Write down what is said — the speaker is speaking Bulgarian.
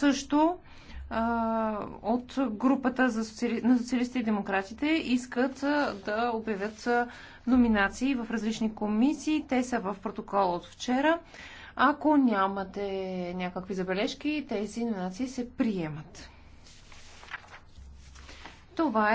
също от групата за социали... на социалистите и демократите искат да обявят номинации в различни комисии. Те са в протокола от вчера. Ако нямате някакви забележки, тези номинации се приемат. Това е